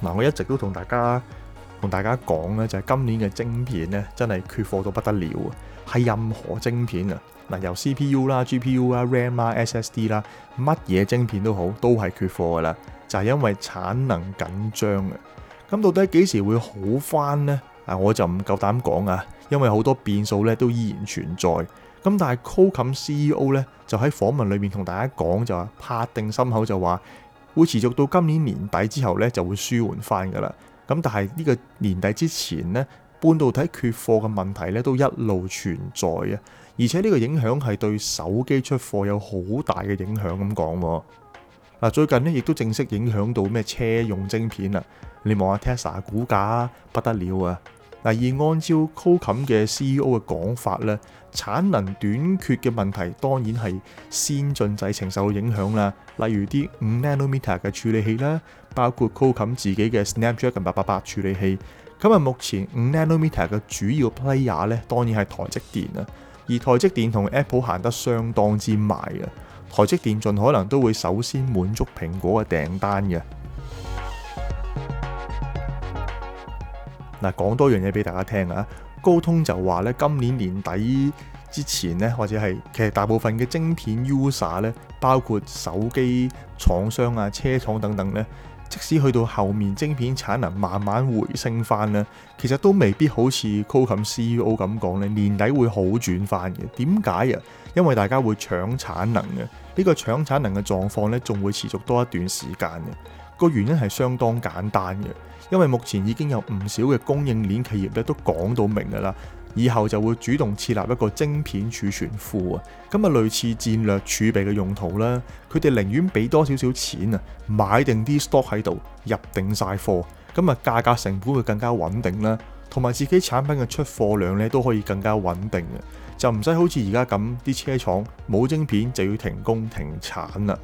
嗱，我一直都同大家同大家講呢就係今年嘅晶片呢，真係缺貨到不得了啊！係任何晶片啊，嗱，由 CPU 啦、GPU 啦、RAM 啦、SSD 啦，乜嘢晶片都好，都係缺貨噶啦，就係因為產能緊張啊！咁到底幾時會好返呢？啊，我就唔夠膽講啊，因為好多變數呢都依然存在。咁但係 Qualcomm CEO 呢，就喺訪問裏面同大家講就話，拍定心口就話，會持續到今年年底之後咧，就會舒緩翻噶啦。咁但係呢個年底之前呢，半導體缺貨嘅問題咧都一路存在啊。而且呢個影響係對手機出貨有好大嘅影響咁講。嗱，最近呢亦都正式影響到咩車用晶片啊。你望下 Tesla 股價不得了啊！而按照 Qualcomm 嘅 CEO 嘅講法咧，產能短缺嘅問題當然係先進製程受到影響啦。例如啲五 nanometer 嘅處理器啦，包括 Qualcomm 自己嘅 Snapdragon 八八八處理器。咁目前五 nanometer 嘅主要 player 咧，當然係台積電啊。而台積電同 Apple 行得相當之埋啊，台積電盡可能都會首先滿足蘋果嘅訂單嘅。嗱，講多樣嘢俾大家聽啊！高通就話咧，今年年底之前咧，或者係其實大部分嘅晶片 user 咧，包括手機廠商啊、車廠等等咧，即使去到後面晶片產能慢慢回升翻咧，其實都未必好似 Qualcomm CEO 咁講咧，年底會好轉翻嘅。點解啊？因為大家會搶產能啊！呢個搶產能嘅狀況咧，仲會持續多一段時間嘅。個原因係相當簡單嘅，因為目前已經有唔少嘅供應鏈企業咧都講到明㗎啦，以後就會主動設立一個晶片儲存庫啊，咁啊類似戰略儲備嘅用途啦。佢哋寧願俾多少少錢啊，買定啲 stock 喺度，入定晒貨，咁啊價格成本會更加穩定啦，同埋自己產品嘅出貨量咧都可以更加穩定嘅，就唔使好似而家咁啲車廠冇晶片就要停工停產啦。